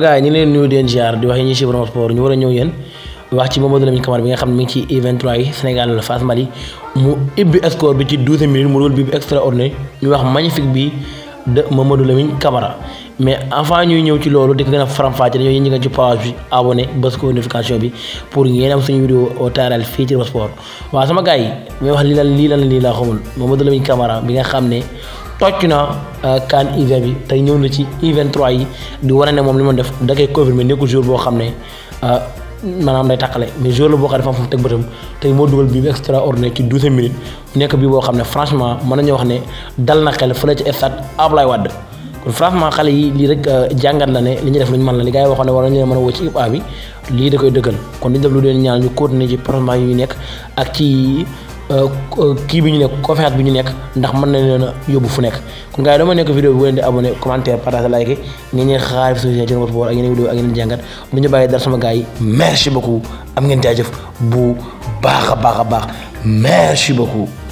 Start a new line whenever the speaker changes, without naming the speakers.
gars yi ñu leen nuyu wax yi ñuy suivre sport ñu war ñëw yéen wax ci Mamadou Lamine Camara bi nga xam ne mi ci U23 yi Sénégal face Mali mu ibbi score bi ci 12 minutes mu doon bi bu extraordinaire ñu wax magnifique bi mais avant ñuy ñëw ci loolu di ko gën a faram-fàccee dañoo ñi nga ci page bi abonné bës ko bi pour ngeen am suñu vidéo au fii ci sport waaw sama gars yi may wax lii lan lii lan lii laa xamul Mamadou Lamine Camara bi nga xam ne tocc na euh, CAN U20 bi tey ñëw na ci U23 yi di wane ne moom li mu def da koy confirmer nekkul jour boo xam ne euh, maanaam day tàqale mais jour la boo xam ne dafa am fu mu teg bëtam tey moo nekk bii boo xam ne franchement mën nañu wax ne dal na xel fële ci stade Ablaye Wade kon franchement xale yi lii rek euh, jàngat la ne li ñu def lu ñu mën la li gars yi waxoon ne war nañu leen mën a woo ci IPA bi lii da koy dëggal kon li ñu def lu leen ñaan ñu continuer ci prochainement yu nekk ak ci. Euh, euh, kii bi ñu nekk conférence bi ñu nekk ndax mën na leen a yóbbu fu nekk kon gars yi dama nekk vidéo bi bu leen di abonné commentaire partage like ngeen ñeen xaar fi société jël ko ak yeneen vidéo ak yeneen jàngat bu ñu bàyyi dara sama gars yi merci beaucoup am ngeen jaajëf bu baax a baax a baax merci beaucoup